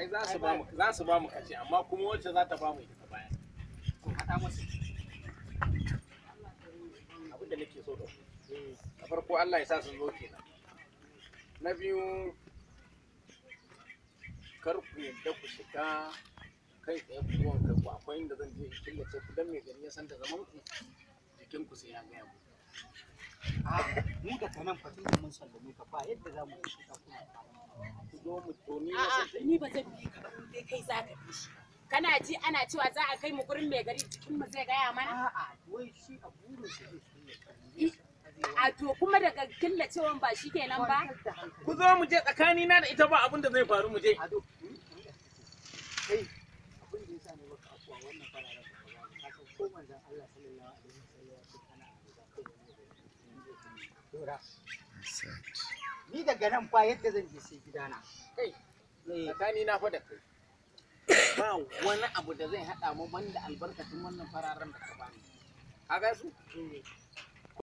ai za su ba mu za su ba mu kace amma kuma wacce za ta ba mu ita hada musu abin da nake so da farko Allah ya sa sun zo kenan na biyu kar ku yadda ku shiga kai tsaye ku zuwan kai ku akwai inda zan je in killace ku dan mai gari ya san da zaman ku jikin ku sai ya mu a mu daga fatin mun sallame ka ba yadda za mu kuma zo mu ni ba zan bi ka dai kai za ka bi shi kana ji ana cewa za a kai mu gurin mai gari cikin mu zai gaya mana a'a wai shi a burin shi a to kuma daga killacewan ba shi kenan ba ku zo mu je tsakani na da ita ba abin da zai faru mu je kai abin da ne baka afuwa wannan da ka ko manzon Allah sallallahu alaihi wasallam Ni daga nan fa yadda zan je sai gidana. Kai, eh. tsakani na fa da kai. Ba wani abu da zai haɗa mu banda albarkacin wannan fararen da ka bani. Ka ga su? Mm.